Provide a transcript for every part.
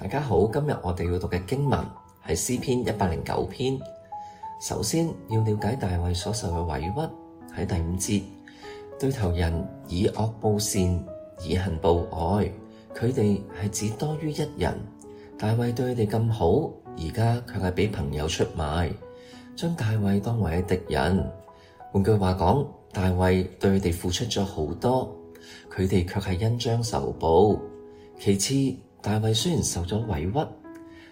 大家好，今日我哋要讀嘅經文係詩篇一百零九篇。首先要了解大衛所受嘅委屈，喺第五節，對頭人以惡報善，以恨報愛，佢哋係只多於一人。大衛對佢哋咁好，而家卻係俾朋友出賣，將大衛當為係敵人。換句話講，大衛對佢哋付出咗好多，佢哋卻係恩將仇報。其次。大衛雖然受咗委屈，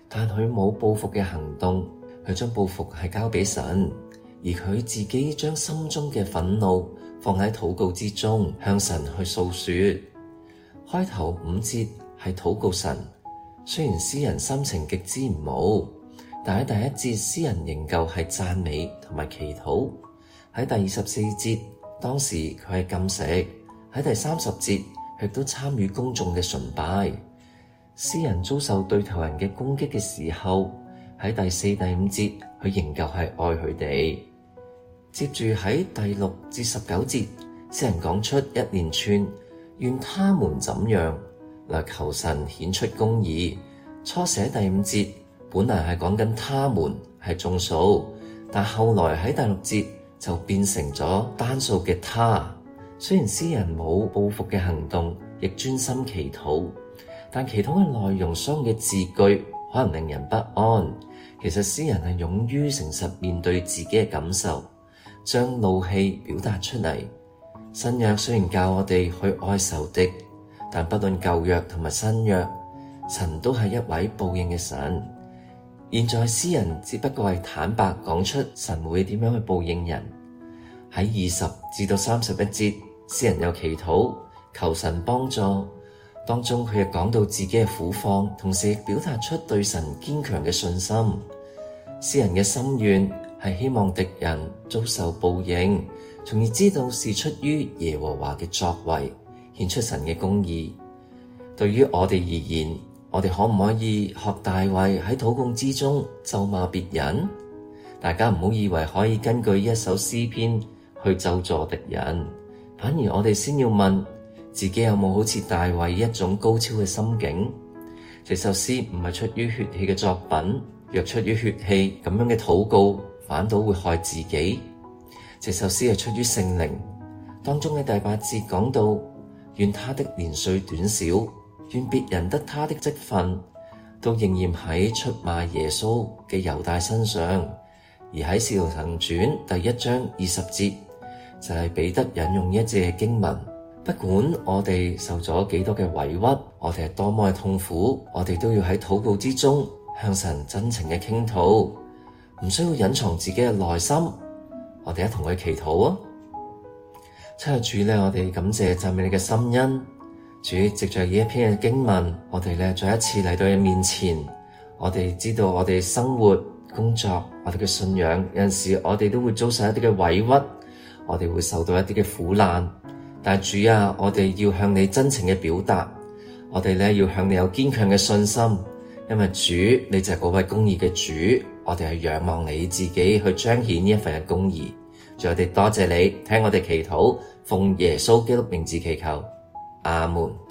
但佢冇報復嘅行動，佢將報復係交俾神，而佢自己將心中嘅憤怒放喺禱告之中，向神去訴說。開頭五節係禱告神，雖然詩人心情極之唔好，但喺第一節詩人仍舊係讚美同埋祈禱。喺第二十四節，當時佢係禁食；喺第三十節，亦都參與公眾嘅崇拜。詩人遭受對頭人嘅攻擊嘅時候，喺第四、第五節佢仍舊係愛佢哋。接住喺第六至十九節，詩人講出一連串願他們怎樣嗱，求神顯出公義。初寫第五節本來係講緊他們係眾數，但後來喺第六節就變成咗單數嘅他。雖然詩人冇報復嘅行動，亦專心祈禱。但其他嘅內容、相關嘅字句，可能令人不安。其實詩人係勇於誠實面對自己嘅感受，將怒氣表達出嚟。新約雖然教我哋去愛仇敵，但不論舊約同埋新約，神都係一位報應嘅神。現在詩人只不過係坦白講出神會點樣去報應人。喺二十至到三十一節，詩人有祈禱，求神幫助。當中佢又講到自己嘅苦況，同時亦表達出對神堅強嘅信心。詩人嘅心願係希望敵人遭受報應，從而知道是出於耶和華嘅作為，顯出神嘅公義。對於我哋而言，我哋可唔可以學大衛喺禱告之中咒罵別人？大家唔好以為可以根據一首詩篇去咒詛敵人，反而我哋先要問。自己有冇好似大衛一種高超嘅心境？這首詩唔係出於血氣嘅作品，若出於血氣咁樣嘅禱告，反倒會害自己。這首詩係出於聖靈。當中嘅第八節講到：願他的年歲短少，願別人得他的職分，都仍然喺出賣耶穌嘅猶大身上。而喺《使徒行傳》第一章二十節，就係、是、彼得引用一節經文。不管我哋受咗幾多嘅委屈，我哋係多麼嘅痛苦，我哋都要喺禱告之中向神真情嘅傾吐，唔需要隱藏自己嘅內心。我哋一同去祈禱啊！親愛的主咧，我哋感謝讚美你嘅心恩。主，藉着呢一篇嘅經文，我哋咧再一次嚟到你面前，我哋知道我哋生活、工作，我哋嘅信仰有陣時，我哋都會遭受一啲嘅委屈，我哋會受到一啲嘅苦難。但主啊，我哋要向你真情嘅表達，我哋咧要向你有堅強嘅信心，因為主，你就係嗰位公義嘅主，我哋係仰望你自己去彰顯呢一份嘅公義。仲有我哋多謝你，聽我哋祈禱，奉耶穌基督名字祈求，阿門。